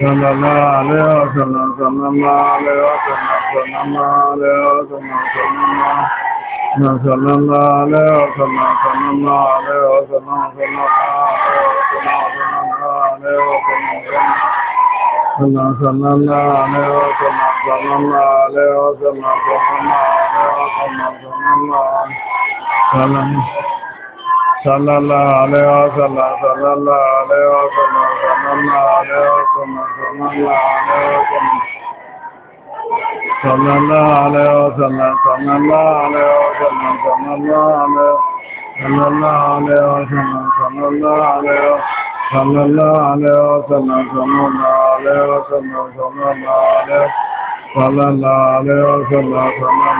သမ္မာလေယောသမ္သမမာလေယောသမ္သမမာလေယောသမ္သမမာနာသမ္မာလေယောသမ္သမမာလေယောသမ္သမမာလေယောသမ္သမမာသမ္မာလေယောသမ္သမမာလေယောသမ္သမမာလေယောသမ္သမမာလေယောသမ္သမမာသမ္မာ sallallahu alaihi wasallam sallallahu alaihi wasallam sallallahu alaihi wasallam sallallahu alaihi wasallam sallallahu alaihi wasallam sallallahu alaihi wasallam sallallahu alaihi sallallahu alaihi wasallam sallallahu alaihi sallallahu alaihi wasallam sallallahu သမ္မာလောသမ္မာသမ္မာ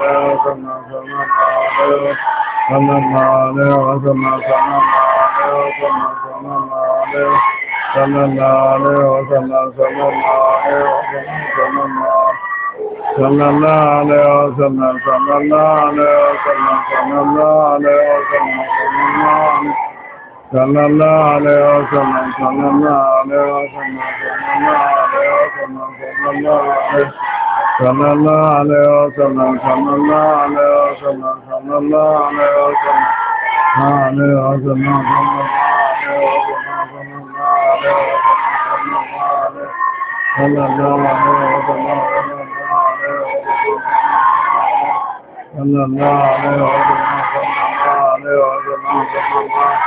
လောသမ္မာသမ္မာလောသမ္မာလောသမ္မာသမ္မာလောသမ္မာသမ္မာလောသမ္မာလောသမ္မာသမ္မာလောသမ္မာသမ္မာသမ္မာလောသမ္မာသမ္မာလောသမ္မာသမ္မာလောသမ္မာသမ္မာလော صلى الله عليه وسلم صلى الله عليه وسلم صلى الله عليه وسلم صلى الله عليه صلى الله عليه وسلم صلى الله عليه وسلم صلى الله عليه وسلم عليه وسلم صلى الله عليه وسلم صلى الله عليه وسلم صلى الله عليه وسلم صلى الله عليه وسلم صلى الله عليه وسلم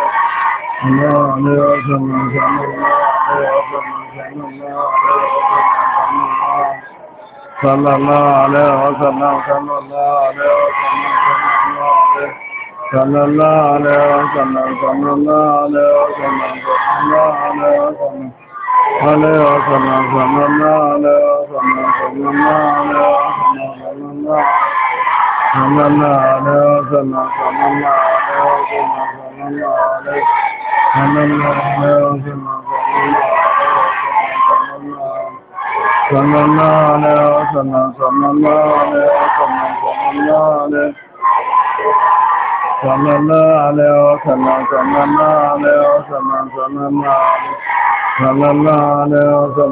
صلى الله عليه وسلم صلى الله عليه وسلم صلى الله عليه وسلم صلى الله عليه وسلم صلى الله عليه وسلم عليه وسلم صلى الله عليه وسلم صلى الله عليه وسلم صلى الله عليه وسلم صلى الله عليه وسلم صلى الله عليه وسلم Sallallahu alaihi wa sallam sallallahu alaihi wa sallam sallallahu alaihi wa wa sallam sallallahu alaihi wa sallam sallallahu alaihi wa wa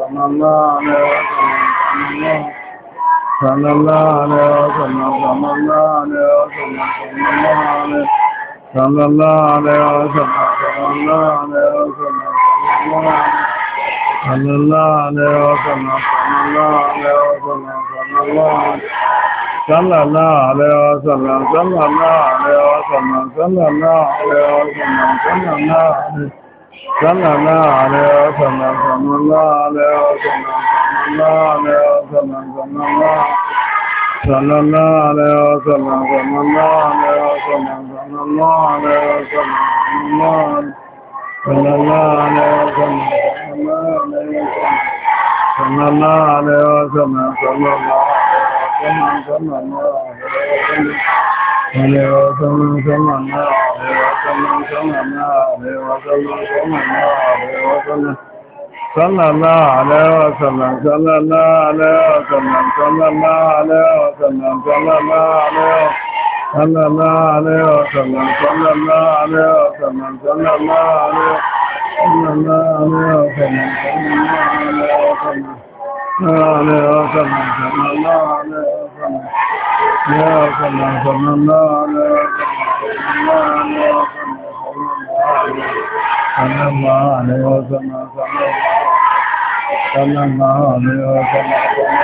sallam sallallahu alaihi wa sallam sallallahu alaihi صلى الله عليه وسلم صلى الله عليه وسلم صلى الله عليه وسلم صلى الله عليه وسلم صلى الله صلى الله عليه وسلم صلى الله عليه وسلم صلى الله عليه وسلم صلى الله صلى الله عليه وسلم صلى الله عليه وسلم صلى الله عليه وسلم صلى الله صلى الله عليه وسلم صلى الله عليه وسلم Sallallahu na wa sallam sallallahu alaihi wa صلى الله عليه وسلم صلى الله عليه وسلم صلى الله عليه صلى الله عليه وسلم صلى الله عليه وسلم صلى الله عليه وسلم صلى الله عليه وسلم يا وسلم صلى الله عليه وسلم صلى الله عليه وسلم صلى الله عليه وسلم صلى الله عليه وسلم صلى الله عليه وسلم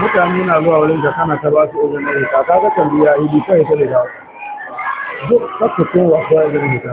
mutane na zuwa wurin da kana ta ba su ozon da rika ta ga tambiya yi bisa ya ta da duk kakka kowa kowa ya zai rika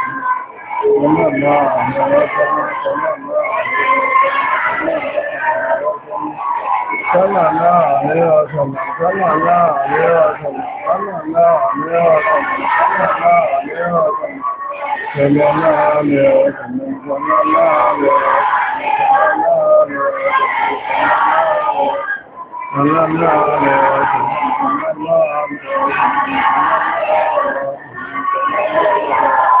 onáàmà àmà rọ́sánà onáàmà àmà rọ́sánà onáàmà àmà rọ́sánà sálàlá àmì rọ́sánà sálàlá àmì rọ́sánà sálàlá àmì rọ́sánà sálàlá àmì rọ́sánà sálàlá àmì rọ́sánà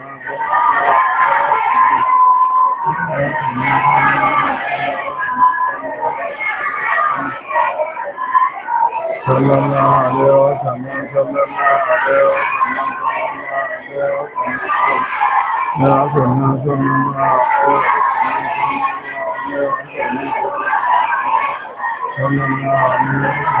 صلى الله عليه وسلم صلى الله عليه وسلم يا سيدنا صلى الله عليه وسلم صلى الله عليه وسلم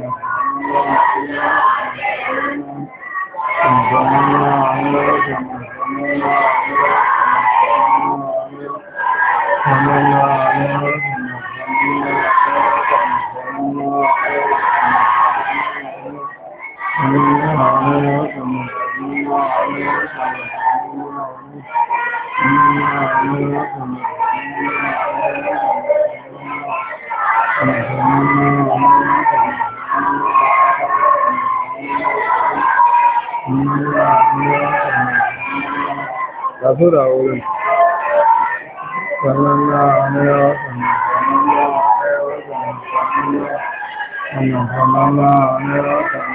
သမ္မာအနုရောဓမ္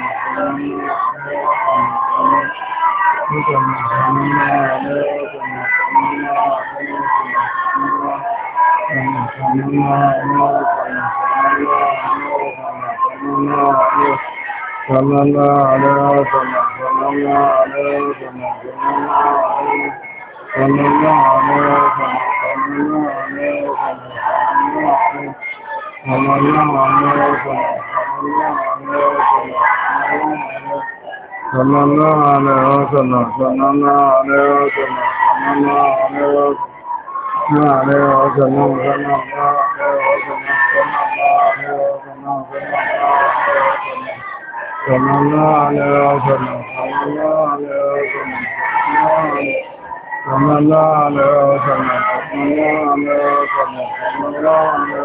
မိကမသမ္မာအနုရောဓမ္မိကမသမ္မာအနုရောဓမ္မိသမ္မာအနုရောဓမ္မိသမ္မာအနုရောဓမ္မိသမ္မာအနုရောဓမ္မိသမ္မာအနုရောဓမ္မိသမ္မာအနုရောဓမ္မိသမ္မာအနုရောဓမ္မိ Sọmọlá àlẹ́ ọ̀sán náà, sọmọlá àlẹ́ ọ̀sán náà, sọmọlá àlẹ́ ọ̀sán náà, sọmọlá àlẹ́ ọ̀sán náà, sọmọlá àlẹ́ ọ̀sán náà, sọmọlá àlẹ́ ọ̀sán náà, sọmọlá àlẹ́ ọ̀sán náà, sọmọlá àlẹ́ ọ̀sán náà, sọmọlá àlẹ́ ọ̀sán náà,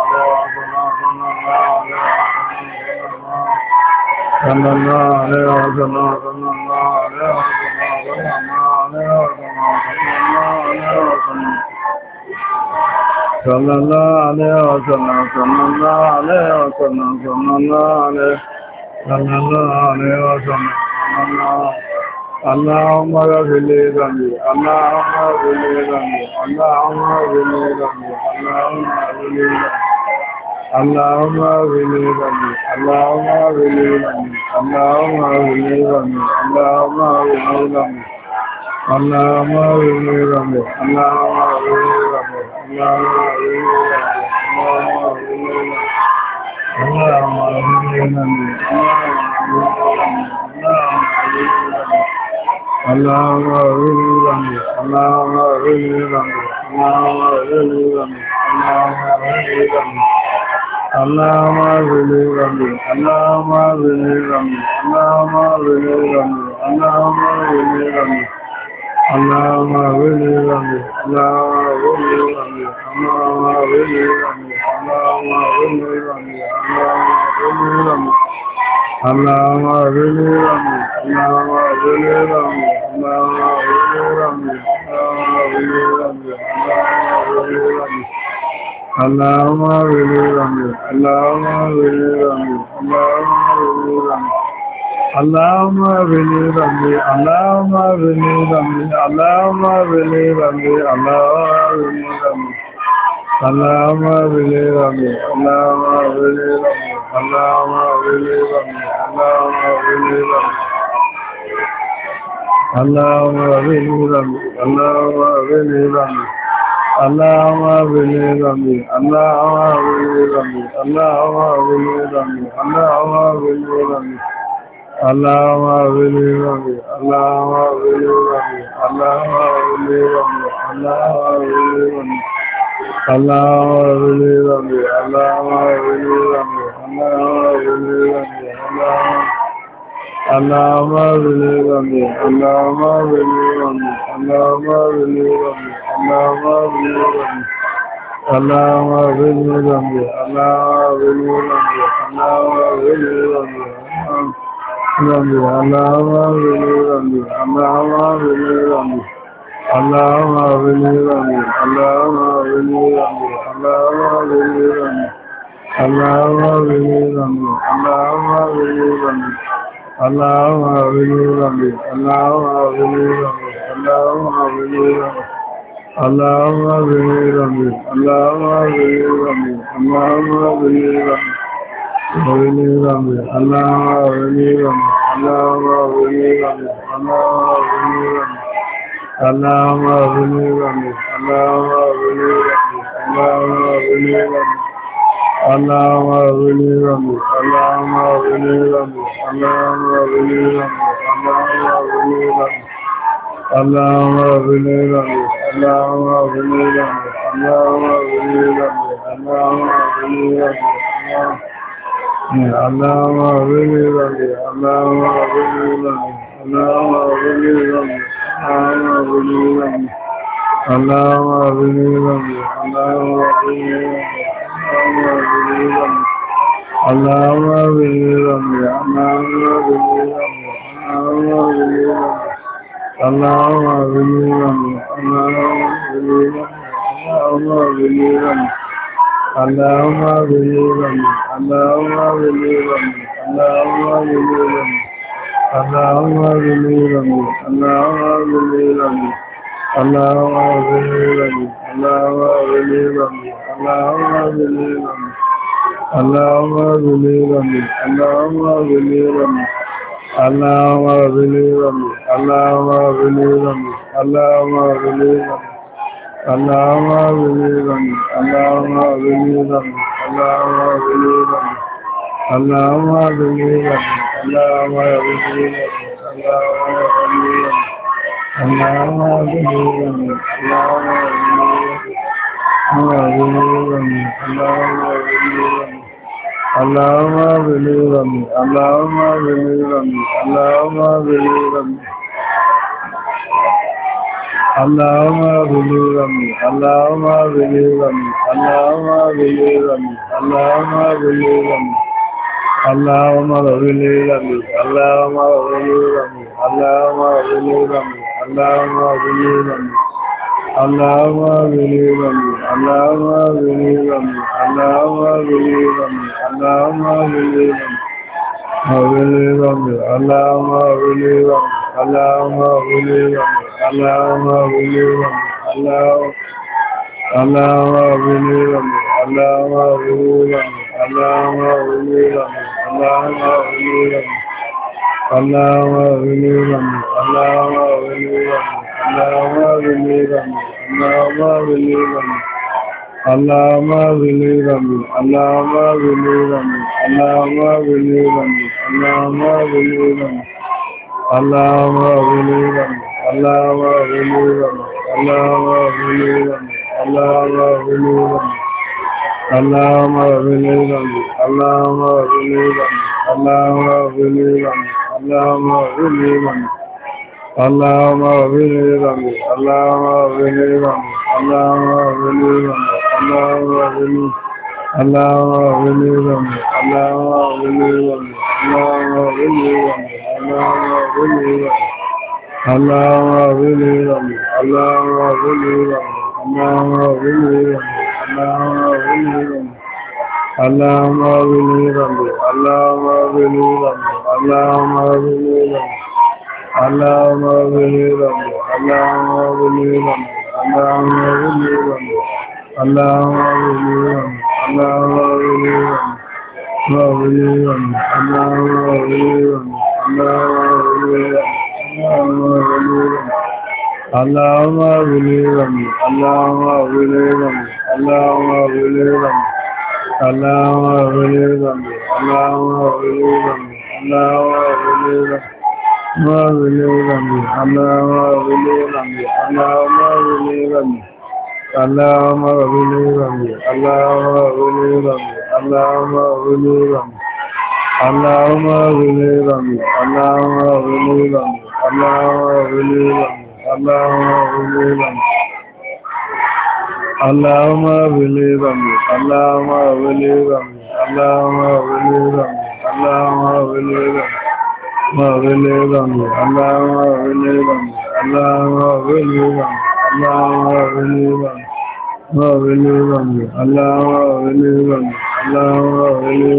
သမဏလေဟောသမသမဏလေဟောသမသမဏလေဟောသမသမဏလေဟောသမသမဏလေဟောသမသမဏလေသမဏလေဟောသမသမဏအလ္လာဟ်မဂဖီလီဇမ်ဘီအလ္လာဟ်မဂဖီလီဇမ်ဘီအလ္လာဟ်မဂဖီလီဇမ်ဘီအလ္လာဟ်မဂဖီလီဇမ်ဘီ اللهم اغفر ذنبي اللهم اغفر ذنبي اللهم اغفر ذنبي اللهم اغفر ذنبي اللهم اغفر ذنبي اللهم اغفر ذنبي اللهم اغفر ذنبي اللهم اغفر ذنبي اللهم اغفر ذنبي اللهم اغفر ذنبي اللهم اغفر ذنبي اللهم اغفر ذنبي اللهم اغفر ربي اللهم اغفر ربي اللهم اغفر ربي اللهم اغفر ربي اللهم اغفر ربي اللهم اغفر ربي اللهم اغفر ربي اللهم اغفر ربي اللهم اغفر ربي اللهم اغفر ربي اللهم اغفر ربي اللهم اغفر ربي اللهم اغفر ربي اللهم اغفر لي اللهم اغفر لي اللهم اغفر لي اللهم بني ربي اللهم بني ربي اللهم بني ربي اللهم بني ربي اللهم بني ربي اللهم بني ربي اللهم بني ربي اللهم بني ربي اللهم بني ربي اللهم بني ربي Aláwà wílé rọ̀mí, aláwà wílé rọ̀mí, aláwà wílé rọ̀mí, aláwà wílé rọ̀mí, aláwà wílé Aláwà rẹ̀lẹ̀ rẹ̀lẹ̀ aláwà rẹ̀lẹ̀ rẹ̀lẹ̀ aláwà rẹ̀lẹ̀ rẹ̀lẹ̀ aláwà Allahumma bihi rabbi Allahumma bihi rabbi Allahumma bihi اللهم اغفر لي ذنبي اللهم اغفر لي ذنبي اللهم اغفر لي ذنبي اللهم اغفر لي ذنبي اللهم اغفر لي ذنبي اللهم اغفر لي ذنبي اللهم اغفر لي ذنبي اللهم اغفر لي ذنبي اللهم اغفر لي ذنبي اللهم اغفر لي ذنبي اللهم اغفر لي ذنبي اللهم اغفر لي ذنبي اللهم اغفر لي ذنبي اللهم بنورنا اللهم بنورنا اللهم بنورنا اللهم بنورنا اللهم بنورنا اللهم بنورنا اللهم بنورنا اللهم بنورنا اللهم بنورنا اللهم بنورنا اللهم بنورنا اللهم بنورنا اللهم اغفر لي ذنبي اللهم اغفر لي ذنبي اللهم اغفر لي ذنبي اللهم اغفر لي ذنبي اللهم اغفر لي ذنبي اللهم اغفر لي ذنبي اللهم اغفر لي ذنبي اللهم اغفر لي ذنبي اللهم اغفر لي ذنبي اللهم اغفر لي ذنبي اللهم اغفر لي ذنبي اللهم اغفر لي ذنبي اللهم بلي رمي اللهم بلي رمي اللهم بلي رمي اللهم بلي رمي اللهم بلي رمي اللهم بلي رمي اللهم بلي رمي اللهم بلي رمي اللهم بلي رمي اللهم بلي رمي اللهم بلي رمي Allahumma bini rami Allahumma bini rami Allahumma bini rami Allahumma bini rami Allahumma bini rami Allahumma bini rami Allahumma bini rami Allahumma bini rami Allahumma bini rami Allahumma bini rami Alama zinni rabbi Allahumma zinni rabbi Allahumma zinni rabbi Allahumma zinni rabbi Allahumma zinni rabbi Allahumma zinni rabbi Allahumma zinni rabbi Allahumma zinni rabbi Allahumma اللهم اغفر لي ذنبي اللهم اغفر لي ذنبي اللهم اغفر لي ذنبي اللهم اغفر لي ذنبي اللهم اغفر لي اللهم اغفر لي ذنبي اللهم اغفر لي ذنبي اللهم اغفر لي ذنبي اللهم اغفر لي ذنبي اللهم اغفر لي ذنبي اللهم اغفر لي ذنبي اللهم اغفر لي ذنبي اللهم اغفر لي ذنبي اللهم اغفر لي ذنبي اللهم اغفر لي ذنبي اللهم اغفر لي ذنبي اللهم اغفر لي ذنبي اللهم اغفر لي ذنبي اللهم اغفر لي ذنبي اللهم اغفر لي ذنبي اللهم اغفر لي ذنبي اللهم اغفر لي ذنبي اللهم اغفر لي ذنبي اللهم اغفر لي ذنبي اللهم اغفر لي ذنبي اللهم اغفر لي ذنبي اللهم اغفر لي ذنبي Allahumma rabbil alamin Allahumma rabbil alamin Allahumma rabbil alamin Allahumma rabbil alamin Allahumma اللهم بلي ذنبي اللهم بلي ذنبي اللهم بلي ذنبي اللهم بلي ذنبي بلي ذنبي اللهم بلي ذنبي اللهم بلي ذنبي اللهم بلي ذنبي بلي ذنبي اللهم بلي ذنبي اللهم بلي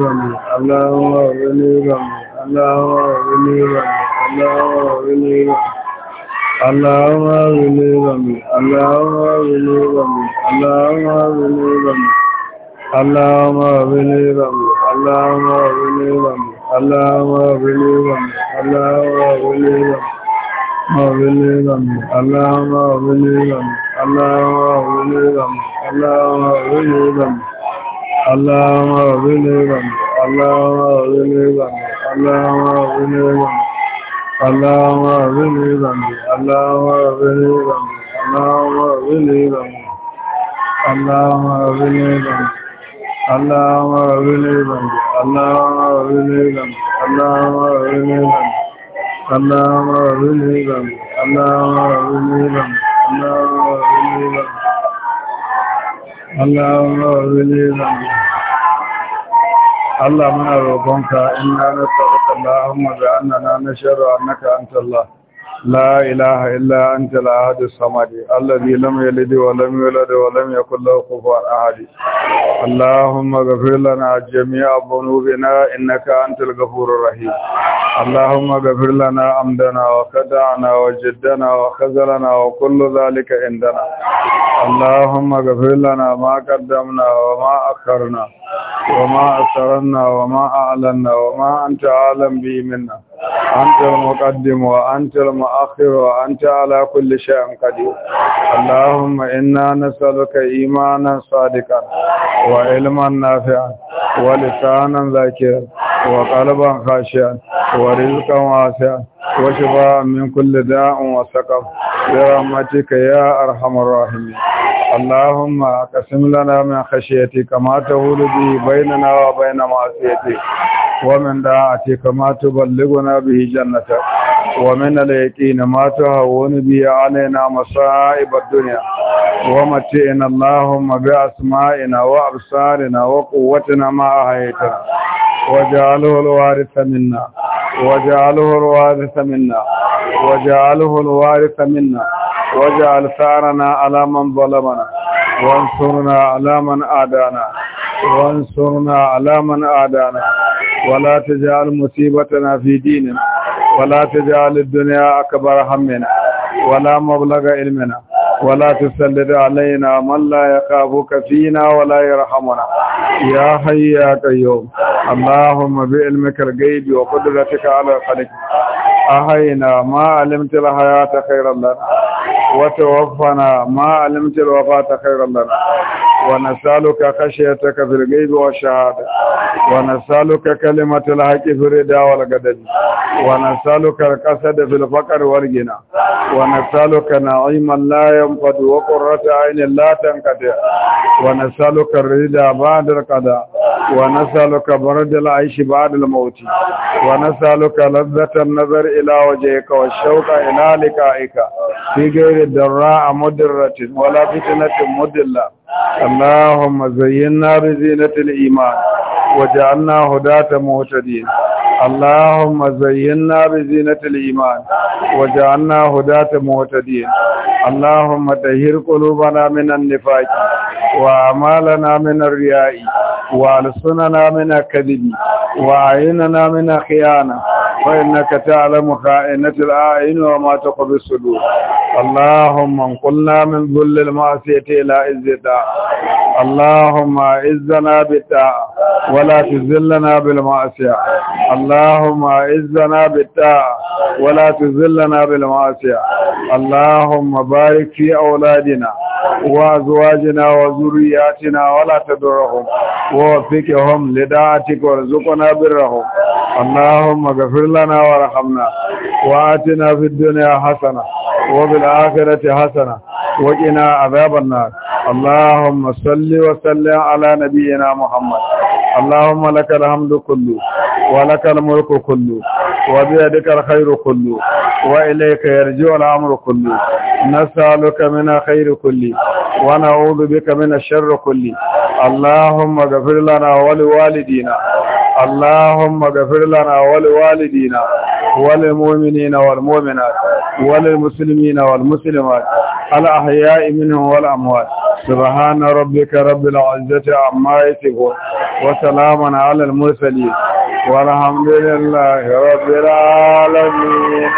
ذنبي اللهم بلي اللهم بلي ذنبي اللهم بلي ذنبي اللهم بلي ذنبي اللهم بلي ذنبي Alama zuni zami, Allahumma zuni zami, Allahumma zuni zami, Allahumma zuni zami, Allahumma zuni zami, Allahumma zuni zami, Allahumma zuni zami, Allahumma Allahumma rabbini dhanbi Allahumma rabbini dhanbi Allahumma rabbini dhanbi Allahumma rabbini dhanbi Allahumma rabbini dhanbi Allahumma rabbini dhanbi Allahumma rabbini dhanbi Allahumma rabbini dhanbi Allahumma rabbini dhanbi Allahumma rabbini dhanbi Allahumma rabbini dhanbi Allah muna na nasara اللهم اجعلنا من شر انك انت الله لا إله إلا أنت الأحد الصمد الذي لم يلد ولم يولد ولم يكن له كفوا أحد اللهم اغفر لنا جميع ذنوبنا إنك أنت الغفور الرحيم اللهم اغفر لنا عمدنا وخدعنا وجدنا وخزلنا وكل ذلك عندنا اللهم اغفر لنا ما قدمنا وما أخرنا وما أسررنا وما أعلنا وما أنت عالم به منا أنت المقدم وأنت المؤخر وأنت على كل شيء قدير اللهم إنا نسألك إيمانا صادقا وعلما نافعا ولسانا ذاكرا وقلبا خاشعا ورزقا واسعا وشفاء من كل داء وسقف برحمتك يا أرحم الراحمين اللهم أقسم لنا من خشيتك ما تهول به بيننا وبين معصيتك ومن دعاتك ما تبلغنا به جنتك ومن اليقين ما تهون به علينا مصائب الدنيا ومتئنا اللهم بأسمائنا وأبصارنا وقوتنا ما أهيتنا واجعله الوارث منا واجعله الوارث منا واجعله الوارث منا واجعل ثارنا على من ظلمنا وانصرنا على من عادانا وانصرنا على من عادانا ولا تجعل مصيبتنا في ديننا ولا تجعل الدنيا أكبر همنا ولا مبلغ علمنا ولا تسلد علينا من لا يقابك فينا ولا يرحمنا يا حي يا قيوم اللهم بعلمك الغيب وقدرتك على الخلق أحينا ما علمت الحياة خيرا لنا وتوفنا ما علمت الوفاة خيرا لنا ونسألك خشيتك في الغيب والشهادة ونسألك كلمة الحق في الرضا والغضب ونسألك القصد في الفقر والغنى ونسألك نعيما لا ينفد وقرة عين لا تنقطع ونسألك الرضا بعد القضاء ونسألك برد العيش بعد الموت ونسألك لذة النظر إلى وجهك والشوق إلى لقائك في غير الدراء مدرة ولا فتنة مدلة اللهم زينا بزينة الإيمان وجعلنا هداة مهتدين اللهم زينا بزينة الإيمان وجعلنا هداة مهتدين اللهم تهير قلوبنا من النفاق وعمالنا من الرياء وألسننا من الكذب وعيننا من خيانة فإنك تعلم خائنة الأعين وما تقضي الصدور اللهم انقلنا من ذل المعصية إلى عزتا اللهم عزنا بالطاعة ولا تذلنا بالمعصية اللهم عزنا بالطاعة ولا تذلنا بالمعصية اللهم بارك في أولادنا وأزواجنا وذرياتنا ولا تدرهم ووفقهم لدعاتك وارزقنا برهم اللهم اغفر اغفر لنا وارحمنا وآتنا في الدنيا حسنة وفي الآخرة حسنة وقنا عذاب النار اللهم صل وسلم على نبينا محمد اللهم لك الحمد كله ولك الملك كله وبيدك الخير كله وإليك يرجع الأمر كله نسألك من خير كله ونعوذ بك من الشر كله اللهم اغفر لنا ولوالدينا اللهم اغفر لنا ولوالدينا وللمؤمنين والمؤمنات وللمسلمين والمسلمات الأحياء منهم والأموات سبحان ربك رب العزة عما يصفون وسلام على المرسلين والحمد لله رب العالمين